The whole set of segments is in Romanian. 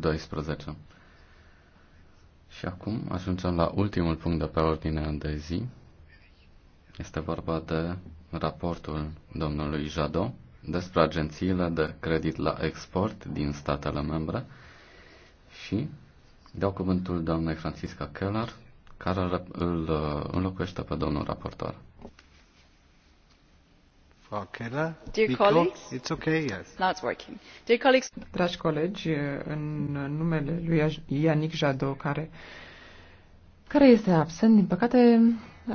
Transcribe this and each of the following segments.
12. Și acum ajungem la ultimul punct de pe ordinea de zi. Este vorba de raportul domnului Jadot despre agențiile de credit la export din statele membre și dau cuvântul doamnei Francisca Keller, care îl uh, înlocuiește pe domnul raportor. Dragi colegi, în numele lui Ianic Jadot, care, care este absent, din păcate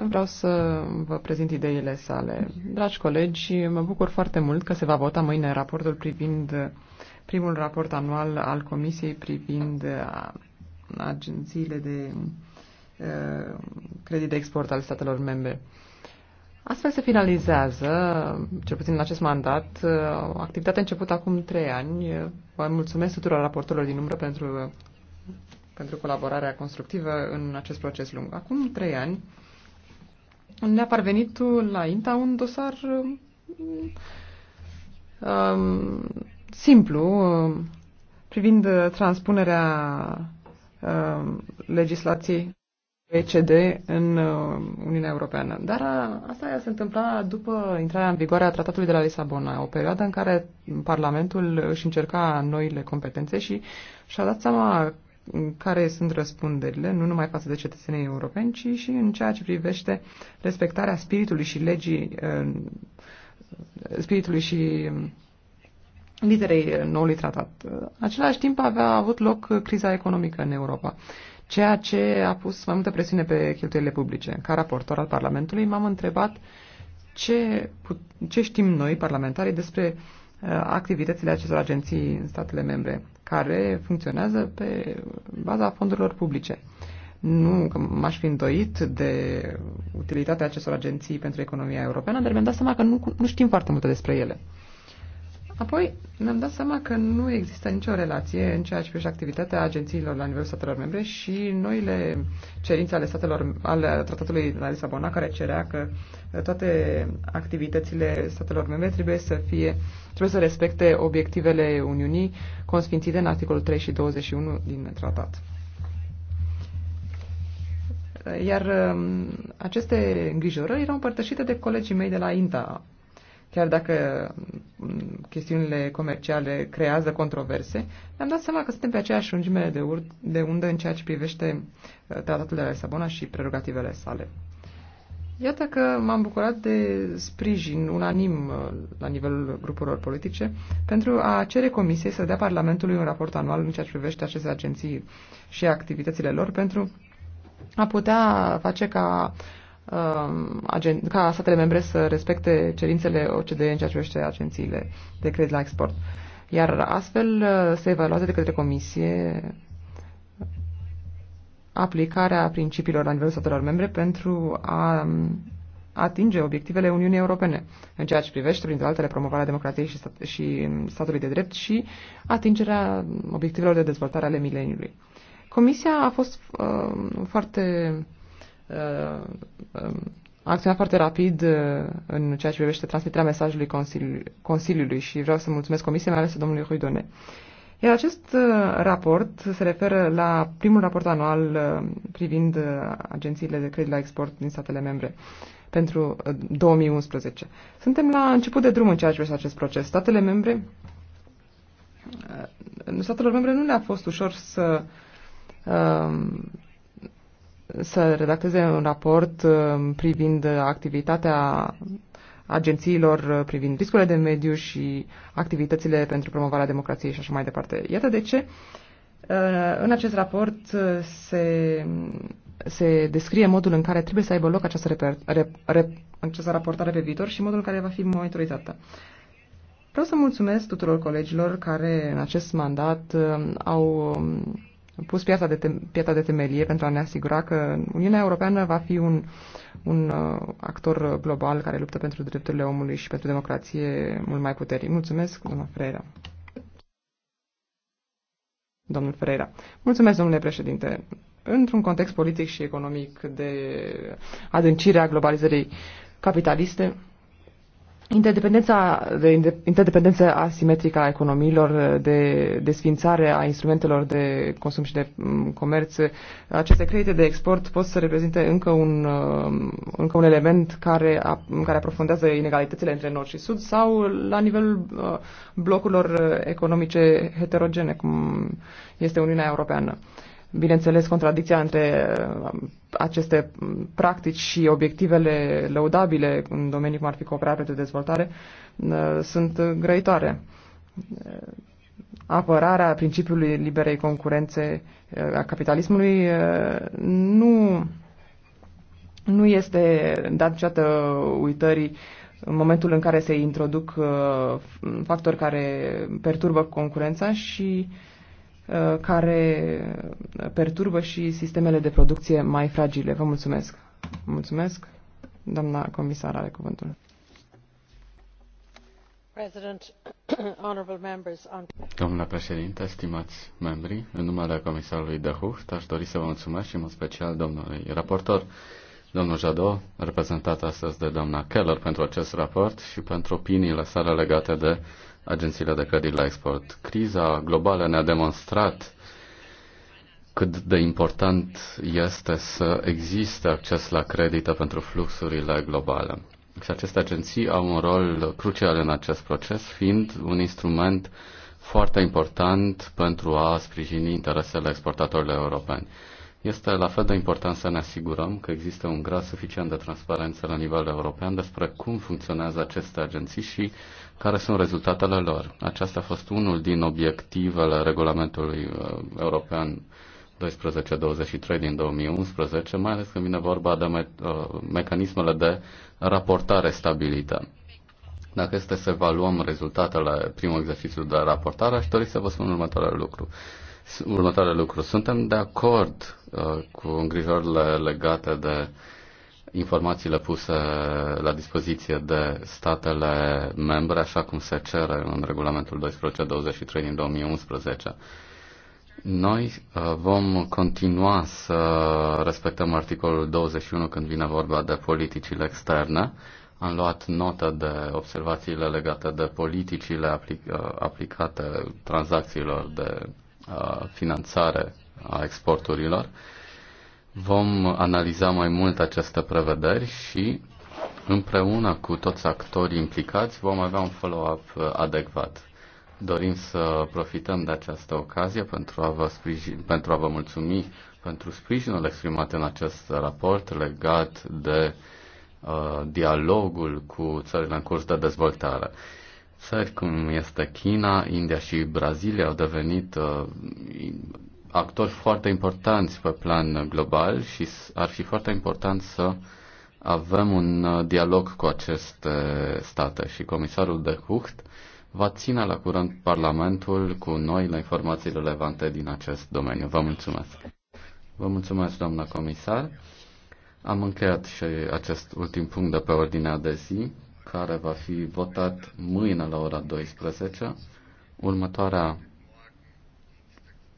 vreau să vă prezint ideile sale. Dragi colegi, mă bucur foarte mult că se va vota mâine raportul privind primul raport anual al Comisiei privind uh, agențiile de uh, credit de export al statelor membre. Astfel se finalizează, cel puțin în acest mandat, activitatea începută acum trei ani. Vă mulțumesc tuturor raportorilor din umbră pentru, pentru colaborarea constructivă în acest proces lung. Acum trei ani ne-a parvenit la INTA un dosar um, simplu um, privind transpunerea um, legislației OECD în uh, Uniunea Europeană. Dar uh, asta se întâmpla după intrarea în vigoare a Tratatului de la Lisabona, o perioadă în care Parlamentul își încerca noile competențe și și-a dat seama care sunt răspunderile, nu numai față de cetățenii europeni, ci și în ceea ce privește respectarea spiritului și legii, uh, spiritului și um, literei noului tratat. În același timp avea avut loc criza economică în Europa ceea ce a pus mai multă presiune pe cheltuielile publice. Ca raportor al Parlamentului m-am întrebat ce, ce știm noi, parlamentarii, despre uh, activitățile acestor agenții în statele membre, care funcționează pe baza fondurilor publice. Nu că m-aș fi îndoit de utilitatea acestor agenții pentru economia europeană, dar mi-am dat seama că nu, nu știm foarte multe despre ele. Apoi ne-am dat seama că nu există nicio relație în ceea ce privește activitatea agențiilor la nivelul statelor membre și noile cerințe ale statelor ale tratatului de la Lisabona care cerea că toate activitățile statelor membre trebuie să fie trebuie să respecte obiectivele Uniunii consfințite în articolul 3 și 21 din tratat. Iar um, aceste îngrijorări erau împărtășite de colegii mei de la INTA, chiar dacă mm, chestiunile comerciale creează controverse, ne-am dat seama că suntem pe aceeași lungime de, ur- de undă în ceea ce privește uh, tratatul de la Lisabona și prerogativele sale. Iată că m-am bucurat de sprijin unanim uh, la nivelul grupurilor politice pentru a cere Comisiei să dea Parlamentului un raport anual în ceea ce privește aceste agenții și activitățile lor pentru a putea face ca uh, Um, ca statele membre să respecte cerințele OCDE în ceea ce privește agențiile de credit la export. Iar astfel uh, se evaluează de către Comisie aplicarea principiilor la nivelul statelor membre pentru a um, atinge obiectivele Uniunii Europene în ceea ce privește, printre altele, promovarea democrației și, stat- și um, statului de drept și atingerea obiectivelor de dezvoltare ale mileniului. Comisia a fost uh, foarte uh, Uh, um, acționat foarte rapid uh, în ceea ce privește transmiterea mesajului Consiliului, Consiliului și vreau să mulțumesc Comisiei, mai ales domnului Ruidone. Iar acest uh, raport se referă la primul raport anual privind agențiile de credit la export din statele membre pentru 2011. Suntem la început de drum în ceea ce privește acest proces. Statele membre, statelor membre nu le-a fost ușor să să redacteze un raport uh, privind activitatea agențiilor uh, privind riscurile de mediu și activitățile pentru promovarea democrației și așa mai departe. Iată de ce uh, în acest raport se, se descrie modul în care trebuie să aibă loc această, reper, rep, rep, această raportare pe viitor și modul în care va fi monitorizată. Vreau să mulțumesc tuturor colegilor care în acest mandat au um, pus piața de, tem- piața de temelie pentru a ne asigura că Uniunea Europeană va fi un, un uh, actor global care luptă pentru drepturile omului și pentru democrație mult mai puternic. Mulțumesc, doamna Freira. Domnul Ferreira. Mulțumesc, domnule președinte. Într-un context politic și economic de adâncire a globalizării capitaliste, Interdependența, de, interdependența asimetrică a economiilor, de desfințare a instrumentelor de consum și de mm, comerț, aceste credite de export pot să reprezinte încă un, mm, încă un element care, care aprofundează inegalitățile între nord și sud sau la nivelul mm, blocurilor economice heterogene, cum este Uniunea Europeană bineînțeles, contradicția între uh, aceste practici și obiectivele lăudabile în domenii cum ar fi cooperare de dezvoltare uh, sunt grăitoare. Uh, apărarea principiului liberei concurențe a capitalismului nu, nu este dat niciodată uitării în momentul în care se introduc factori care perturbă concurența și uh, Uh, care perturbă și sistemele de producție mai fragile. Vă mulțumesc. Mulțumesc. Doamna comisar are cuvântul. Doamna președintă, stimați membri, în numele comisarului de Hucht aș dori să vă mulțumesc și în mod special domnului raportor, domnul Jadot, reprezentat astăzi de doamna Keller pentru acest raport și pentru opiniile sale legate de agențiile de credit la export. Criza globală ne-a demonstrat cât de important este să existe acces la credită pentru fluxurile globale. Și aceste agenții au un rol crucial în acest proces, fiind un instrument foarte important pentru a sprijini interesele exportatorilor europeni. Este la fel de important să ne asigurăm că există un grad suficient de transparență la nivel european despre cum funcționează aceste agenții și care sunt rezultatele lor. Aceasta a fost unul din obiectivele regulamentului uh, european 1223 din 2011, mai ales când vine vorba de me- uh, mecanismele de raportare stabilită. Dacă este să evaluăm rezultatele primul exercițiu de raportare, aș dori să vă spun următoarele lucru următoarele lucruri. Suntem de acord uh, cu îngrijorările legate de informațiile puse la dispoziție de statele membre, așa cum se cere în regulamentul 1223 din 2011. Noi uh, vom continua să respectăm articolul 21 când vine vorba de politicile externe. Am luat notă de observațiile legate de politicile uh, aplicate tranzacțiilor de finanțare a exporturilor. Vom analiza mai mult aceste prevederi și împreună cu toți actorii implicați vom avea un follow-up adecvat. Dorim să profităm de această ocazie pentru a vă, sprijin, pentru a vă mulțumi pentru sprijinul exprimat în acest raport legat de uh, dialogul cu țările în curs de dezvoltare. Țări cum este China, India și Brazilia au devenit uh, actori foarte importanți pe plan global și ar fi foarte important să avem un uh, dialog cu aceste state și comisarul de Hucht va ține la curent Parlamentul cu noi la informații relevante din acest domeniu. Vă mulțumesc. Vă mulțumesc, doamnă comisar. Am încheiat și acest ultim punct de pe ordinea de zi care va fi votat mâine la ora 12. Următoarea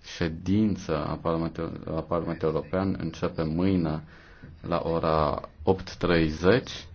ședință a Parlamentului, a Parlamentului European începe mâine la ora 8.30